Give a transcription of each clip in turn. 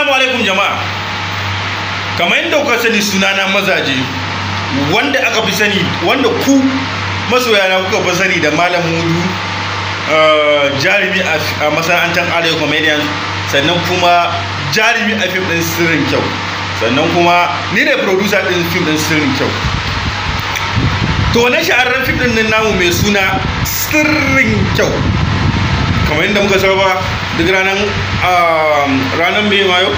assalamu alaikum jama'a kamar yadda kuka sani sunana mazaje wanda aka fi sani wanda ku masoyana kuka fi sani da malam hudu eh, jarumi a masana'antar arewa comedians sannan kuma jarumi a fim ɗin sirrin kyau sannan kuma ni ne producer ɗin fim ɗin sirrin kyau to na shahararren fim ɗin namu mai suna sirrin kyau kamar yadda muka saba duk ranar Um, ranar mai mayo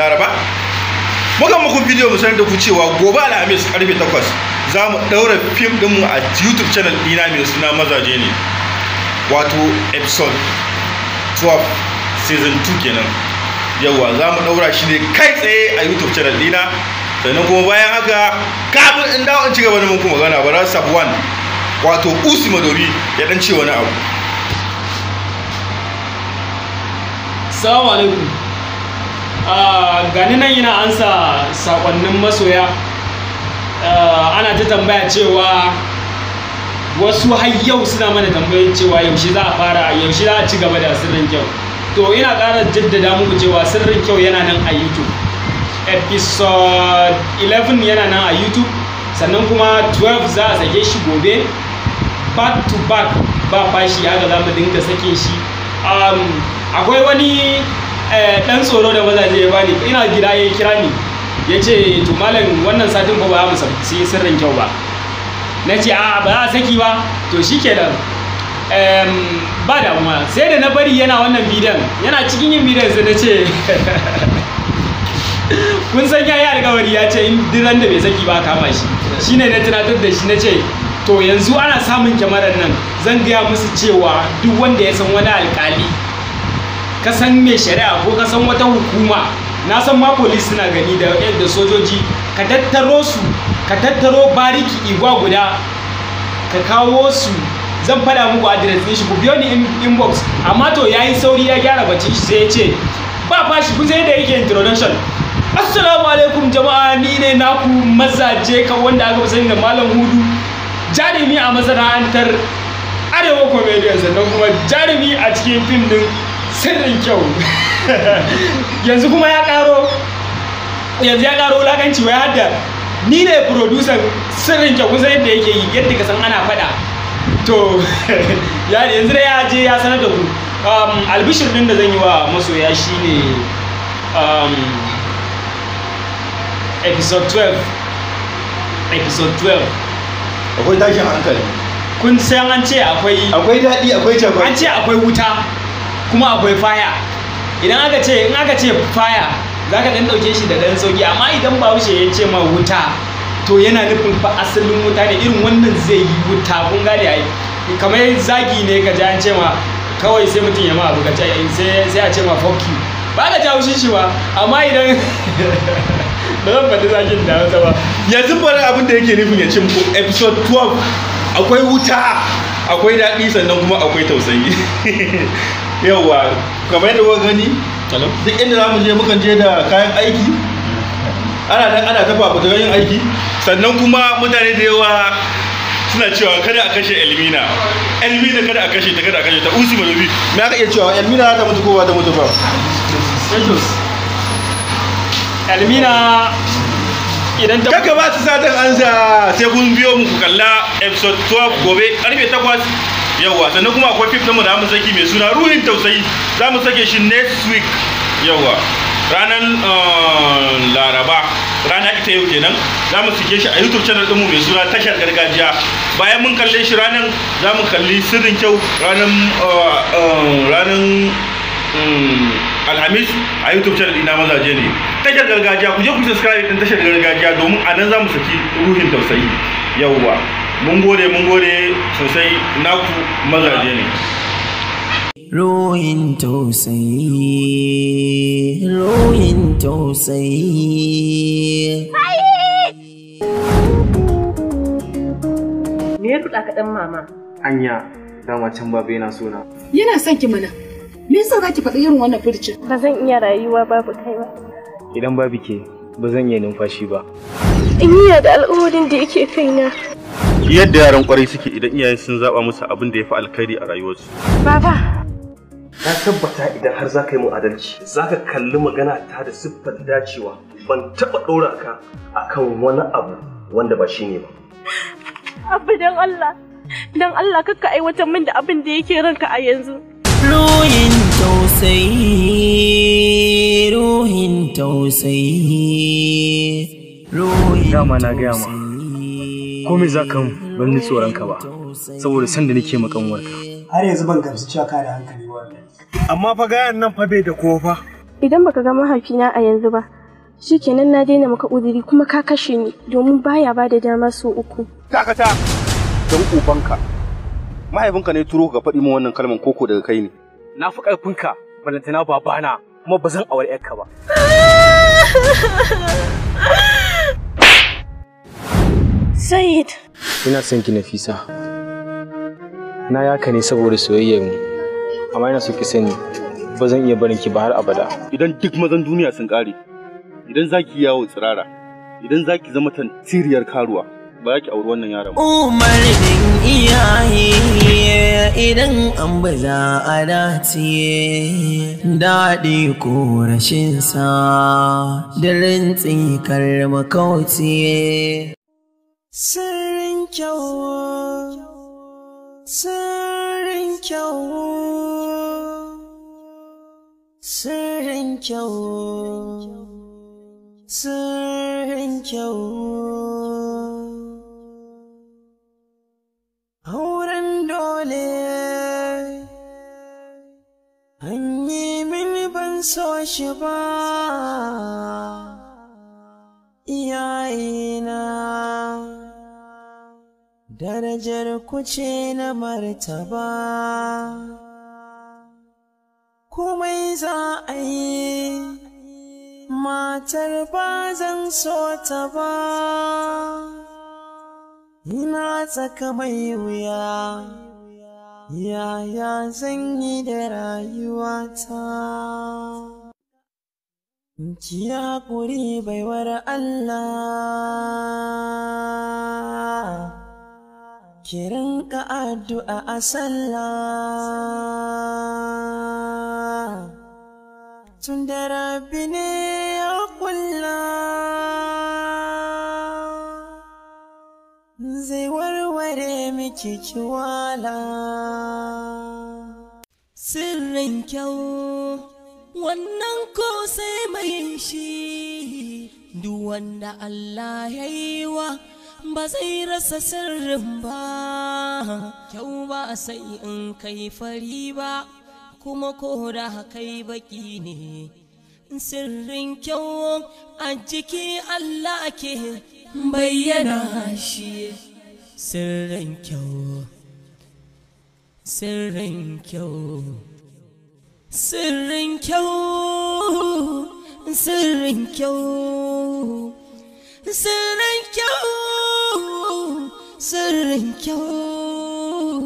laraba muka muku bidiyo mu sanar da ku cewa gobe alhamis karfe 8 za mu ɗaura fim mu a youtube channel dina mai suna mazaje ne wato episode 12 season 2 kenan yawa za mu ɗaura shi ne kai tsaye a youtube channel ɗina sannan kuma bayan haka kafin in dawo in ci gaba da muku magana ba za su wato usi madobi ya dan ce wani abu salamu alaikum ah, gani nan yana ansa sakonnin masoya ah, ana ta tambaya cewa wasu har yau suna mana tambayin cewa yaushe za a fara yaushe za a ci gaba da sirrin kyau to ina ƙara jaddada muku cewa sirrin kyau yana nan a youtube episode 11 yana nan a youtube sannan kuma 12 za a sake shi gobe back to back ba fashi haka za mu dinga sake shi Um, akwai wani eh, ɗan tsoro da mazaje ya bani ina gida ya kira ni ya ce to wannan satin ba ya musa su yi sirrin kyau ba na ce a ba za a saki ba to shi ke da ba damuwa sai da na bari yana wannan bidan yana cikin yin bidan sai na ce kun san ya yi alkawari ya ce in duk da bai saki ba kama shi ne na tunatar da shi na ce to yanzu ana samun kyamarar nan zan gaya musu cewa duk wanda ya san wani alkali ka san mai shari'a ko ka san wata hukuma na san ma polis suna gani da yadda sojoji ka tattaro su ka tattaro bariki igwa guda ka kawo su zan fada muku adres ɗin shi ku biyo ni inbox amma to yayi sauri ya gyara bacci shi sai ya ce ba fashi kun sai da yake introduction assalamu alaikum jama'a ni ne naku mazaje ka wanda aka sani da malam hudu jarumi a masana'antar arewa comedian sannan kuma jarumi a cikin fim din sirrin kyau yanzu kuma ya karo yanzu ya karo wulakanci wai hadda ni ne producer sirrin kyau kusa yadda yake yi yadda ka san ana faɗa to yanzu da ya je ya sanar da ku um, albishir din da zan yi wa masoya shine um, episode 12 episode 12 akwai tashin hankali kun san an ce akwai akwai daɗi akwai jabo an ce akwai wuta kuma akwai faya idan aka ce in aka ce faya za ka ɗan ɗauke shi da ɗan sauki amma idan ba wuce ya ce ma wuta to yana nufin fa asalin wuta ne irin wannan zai yi wuta kun gane ai kamar zagi ne ka ji an ce ma kawai sai mutum ya ma abu ka eh, sai a ce ma fuck you ba ka jawo shi ba amma idan ba zan faɗi zakin da hausa ba yanzu bari abin da yake nufin ya ce muku episode 12 akwai wuta akwai daɗi sannan kuma akwai tausayi yauwa kamar yadda kuka gani duk inda za mu je mukan je da kayan aiki ana dan ana tafa ba yin aiki sannan kuma mutane da yawa suna cewa kada a kashe elmina elmina kada a kashe ta kada a kashe ta usu madobi me aka iya cewa elmina za ta mutu ko ba ta mutu ba elmina idan ta kaka ba su satar ansa sai kun biyo mu kalla episode 12 gobe karfe 8 yawa sannan kuma akwai fifth mu da mu saki mai suna ruhin tausayi za mu sake shi next week yawa ranar eh, laraba rana ita yau kenan za mu sike shi a youtube channel ɗinmu mai suna tashar gargajiya bayan mun kalle shi ranar za mu kalli sirrin kyau ranar eh, eh, ranar hmm, alhamis a youtube channel ina mazaje ne tashar gargajiya ku je ku subscribe din tashar gargajiya domin a nan za mu saki ruhin tausayi yauwa mun gode mun gode sosai naku mazaje ne Ruhin tausayi, ruhin tausayi. Me ya kuɗa kaɗan mama? Anya, dan wacan babu yana suna. Yana son ki mana. me yasa zaki faɗi irin wannan furcin ba zan iya rayuwa babu kai ba idan babu ke ba zan iya numfashi ba in yi da al'umarin da yake kaina yadda yaran kwarai suke idan iyaye sun zaba musu abin da ya fi alkhairi a rayuwarsu baba na tabbata idan har za ka yi mun adalci za ka kalli magana ta da siffar dacewa ban taɓa ɗora ka kan wani abu wanda ba shi ne ba abu don Allah don Allah kakka aiwatar min da abin da yake ranka a yanzu ruhin tausayi ruhin tausayi ruhin dama na gaya ma komai za ka ban ni tsoron ka ba saboda san da nake makan warka har yanzu ban gamsu cewa ka da hankali amma fa gayan nan fa bai da kofa idan baka ga mahaifina a yanzu ba shikenan na daina maka uzuri kuma ka kashe ni domin baya ba da dama so uku dakata don ubanka mahaifinka ne turo ga faɗi min wannan kalmar koko daga kai ne na fi ƙarfinka balantana babana kuma ba zan aure yarka ba. Sayid. Ina son ki Nafisa. Na yaka ne saboda soyayyar mu. Amma ina so ki sani ba zan iya barin ki ba har abada. Idan duk mazan duniya sun ƙare, idan za ki yawo tsirara, idan za ki zama tantiriyar karuwa, ba za ki auri wannan yaron ba. Umarnin iyaye. idan an baza a dace daɗi ko da daren tsikar makauce. Sirrin kyau, sirrin kyau, sirrin kyau, sirrin kyau. an yi mini ban so shi ba na. darajar kuce na martaba komai za a yi matar ba zan so ta ba ina tsaka mai wuya yaya zan yi da rayuwata kiya kuri baiwar Allah kirin ka addu'a a sallah tun da rabi ne ya kulla zai kare miki kiwala sirrin kyau wannan ko sai mai shi duk wanda Allah ya yi wa ba zai rasa sirrin ba kyau ba sai in kai fari ba kuma ko da kai baki ne sirrin kyau a jiki Allah ke bayyana shi sirrin kyau sirrin kyau sirrin kyau sirrin kyau sirrin kyau sirrin kyau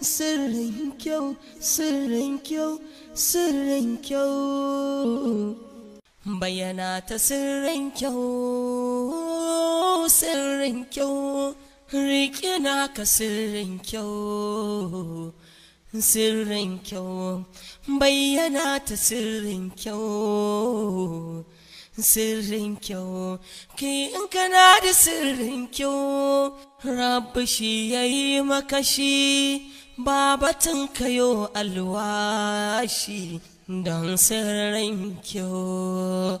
sirrin kyau sirrin kyau sirrin kyau bayyana ta sirrin kyau sirrin kyau riƙe na ka sirrin kyau sirrin kyau bayyana ta sirrin kyau sirrin kyau ki in kana da sirrin kyau rabu shi ya yi makashi babatin kayo alwashi don sirrin kyau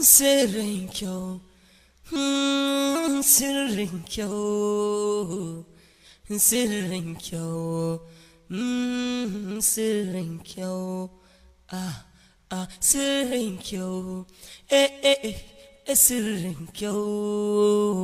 sirrin kyau hmm. san sirrin kyau mm, sirrin kyau ah, sirrin kyau ah sirrin kyau eh, eh, eh sirrin kyau